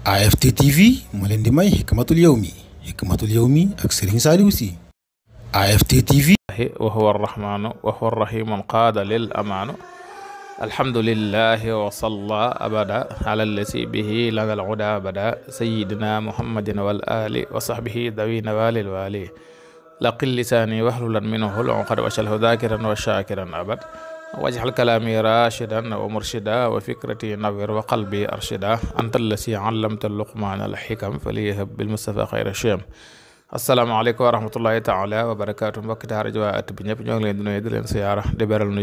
AFT TV moo leen di may xikmatul yawmi xikmatul yawmi ak Serigne Saliou Sy AFT TV wa huwa arrahmanu wa huwa arrahimu qaada lil amaanu alhamdulillahi wa salla abada ala allati bihi lana al huda abada sayidina muhammadin wal ali wa sahbihi dawi nawalil wali laqil lisaani wahlulan minhu al uqad wa shalhu dhakiran wa shakiran abad wajxal kalaami rachidan wa murshida wa fikrati nawir wa qalbi arshida antal la si allamta luqmaan al xikam fa li yahab bil mustafa xayra chiam asalaamaaleykum wa rahmatullahi taala wa barakaatu mbokki daara ji at bi ñëpp ñoo ngi leen di nuyu di leen siyaara di beral nu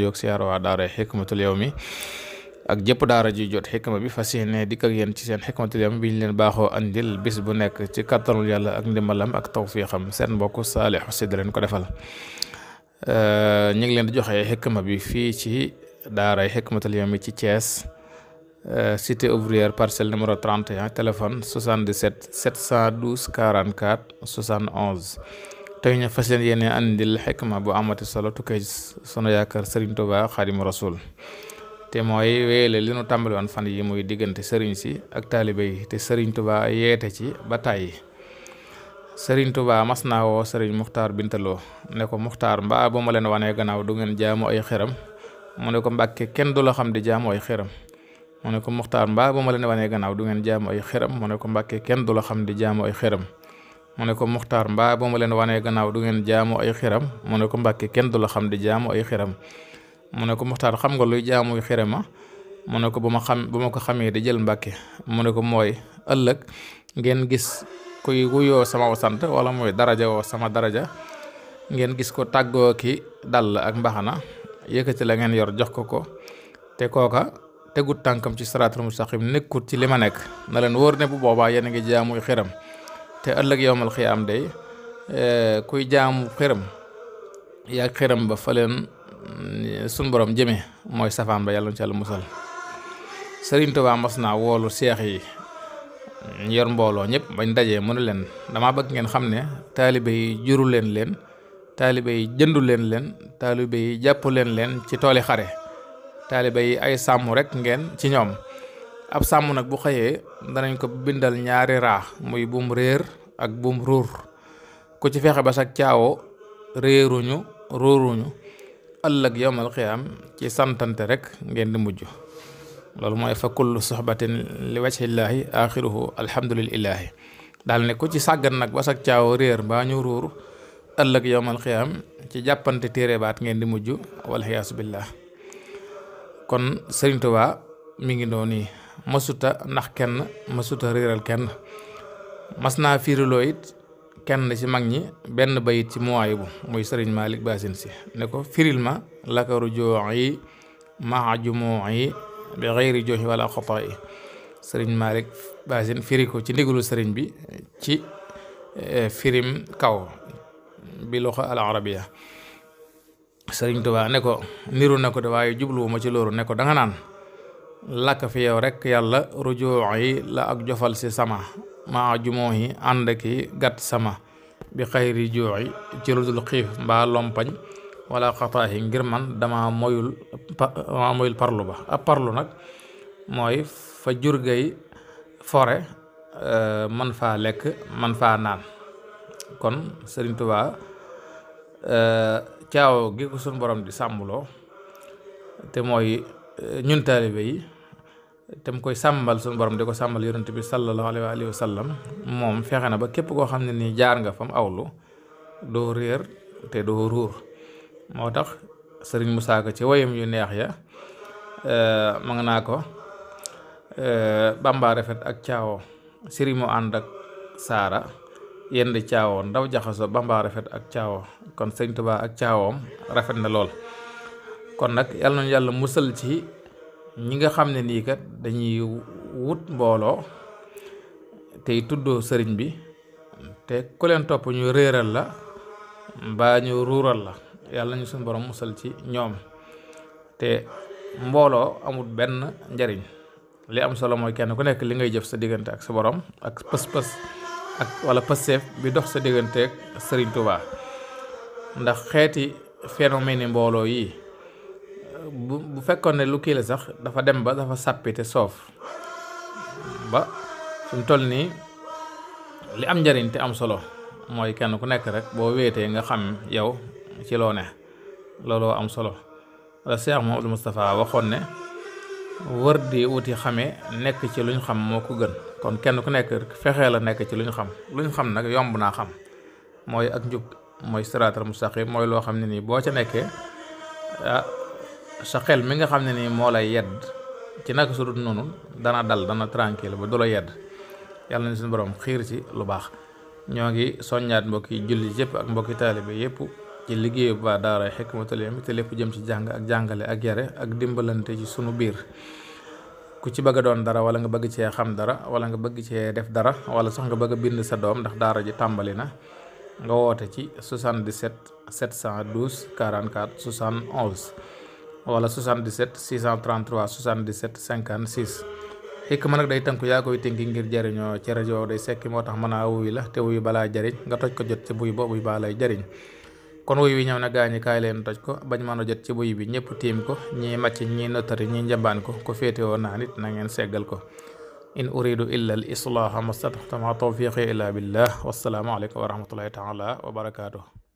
ak jëpp daara ji jot xikma bi fas yéene dikk ak ci seen xikmatul yawmi bi leen baaxoo andil bis bu nekk ci kattanul yàlla ak ndimbalam ak tawfiixam seen mbokk Saliou Sy leen ko defal Euh, ñu ngi leen di joxe xikma bi fii ci daaray Hikmatul Yawmi ci Thiès euh, cité ouvrière parcelle numéro 31 téléphone 77 712 44 71 tey ñu fas leen yéene andil bu amati solo tukkee sunu yaakaar Serigne Touba Xaadimu Rasuul te mooy wéyale li nu tàmbali woon fan yi muy diggante sëriñ si ak taalibe yi te Serigne Touba yeete ci ba tàyyi sëriñ tubaa mas naa woo sëriñ Muxtaar Bintaloo ne ko Muxtaar mbaa boo ma leen wanee gannaaw du ngeen jaamu ay xeram mu ne ko mbakke kenn du la xam di jaamu ay xeram mu ne ko Muxtaar mbaa ba ma leen wanee gannaaw du ngeen jaamu ay xeram mu ne ko Mbàkke kenn du la xam di jaamu ay mu ne ko Muxtaar mbaa ba ma leen wanee gannaaw du ngeen jaamu ay xeram mu ne ko Mbàkke kenn du la xam di jaamu ay xeram mu ne ko Muxtaar xam nga luy jaamuy xerema ah? mu ne ko ba ma xam ba ma ko xamee di jël Mbàkke mu ne ko mooy ëllëg ngeen gis kuy wuyoo sama sant wala muy daraja woo sama daraja ngeen gis ko tàggoo ki dal ak mbaxana yëkkati la ngeen yor jox ko ko te kooka tegut tànkam ci mu sax yi nekkut ci li ma nekk na leen wóor ne bu boobaa yéen a ngi jaamuy xiram te ëllëg yowmal am day e, kuy jaamu xiram yaag xiram ba fa leen e, sun borom jëme mooy safaan ba yàlla na ci yàlla musal Sëriñ Tuubaa mas naa woolu seex yi yor mbooloo ñëpp bañ dajee mënu leen damaa bëgg ngeen xam ne taalibe yi juru leen leen taalibe yi jëndu leen leen taalibe yi jàpp leen leen ci tooli xare taalibe yi ay sàmm rekk ngeen ci ñoom ab sàmm nag bu xëyee danañ ko bindal ñaari raa muy buum réer ak buum ruur ku ci fexe ba sag caawoo réeruñu ruuruñu ëllëg yowmal xiyaam ci santante rekk ngeen di mujj loolu mooy fa kullu soxbatin li wajhillaahi axiruhu alhamdulillaahi daal ne ku ci sàggan nag ba sag caaw réer baa ñu ruur ëllëg yowmal xiyaam ci jàppante téere baat ngeen di mujj wal xiyaasu billaah kon Sëriñ Tuubaa mi ngi doon nii masuta ndax kenn masuta réeral kenn mas naa fiiriloo it kenn ci mag ñi benn bayit ci muwaayibu muy sëriñ Malick Basin si ne ko firil ma lakaru joo yi jumoo yi bi xeyri joxi wala xotaa sëriñ Malick Basin firi ci ndigalu sëriñ bi ci eh, firim kaw bi loxo al arabiya sëriñ Tuubaa ne ko niru na ko de waaye jubluwuma ci loolu ne ko danga naan lakk fi yow rek yàlla rujoo yi la ak jofal si sama maa jumoo yi ànd ki gàtt sama bi xayri jooxi ci ludul xiif mbaa lompañ wala yi ngir man dama moyul dama moyul nag mooy fa jur gay fore euh, man faa lekk man faa naan kon Sëriñ Tuubaa euh, caaw gi ko suñ borom di sàmmloo te mooy euh, ñun taalibe yi te mu koy sàmbal suñu borom di ko sàmbal yonent bi sallallahu alayhi moom fexe na ba képp koo xam ne nii jaar nga fam awlu doo réer te doo ruur moo tax sëriñ Moussa Ka ci woyam yu neex ya euh, ma nga naa ko euh, bamba rafet ak caawo sëriñ mu ànd ak saara yenn caawo ndaw jaxasoo bamba rafet ak caawo kon sëñ Tuubaa ak caawoom rafet na lool kon nag yàlla nañu yàlla musal ci ñi nga xam ne nii kat dañuy wut mbooloo tey tuddoo sëriñ bi te ku leen topp ñu réeral la mbaa ñu ruural la yàlla ñu suñ borom musal ci ñoom te mbooloo amul benn njariñ li am solo mooy kenn ku nekk li ngay jëf sa diggante ak sa borom ak pës ak wala pësseef bi dox sa diggante ak Sëriñ Tuubaa ndax xeeti phénomène yi mbooloo yi bu fekkoon ne lu kii sax dafa dem ba dafa sàppi soof ba suñ toll nii li am njariñ te am solo mooy kenn ku nekk rek boo wéetee nga xam yow ci loo ne looloo am solo wala Cheikh Mouhamadou Moustapha waxoon ne wër di wuti xamee nekk ci luñ xam moo ko gën kon kenn ku nekk fexee la nekk ci lu luñ xam lu ñu xam nag yomb naa xam mooy ak njub mooy siraatal mustaqim mooy loo xam ne nii boo ca nekkee ah, sa xel mi nga xam ne nii moo lay yedd ci naka su noonu dana dal dana tranquille ba du la yedd yàlla nañu suñu borom xiir ci lu baax ñoo ngi soññaat mbokki julli yëpp ak mbokki taalibe yëpp ci liggéeyu ba daara Hikmatul Yawmi te lépp jëm ci jàng ak jàngale ak yare ak dimbalante ci sunu biir ku ci bëgg a doon dara wala nga bëgg cee xam dara wala nga bëgg cee def dara wala sax nga bëgg a bind sa doom ndax daara ji tàmbali na nga woote ci 77 712 44 71 wala 77 633 77 56. ma nag day tënku yaa koy tënki ngir jariñoo ci rajo day sekki moo tax mën a wuy la te wuy balaa jariñ nga toj ko jot ci buy boobu baa lay jariñ kon wuy wi ñëw na gaañi kaay leen toj ko bañ mën a jot ci buy bi ñëpp tiim ko ñii màcc ñii nottari ñii njambaan ko ko féete woon naa nit na ngeen seggal ko in uridu illa al islaaha mastataxtama tawfiqi illa billah wassalaamu aleykum wa rahmatullahi taala wa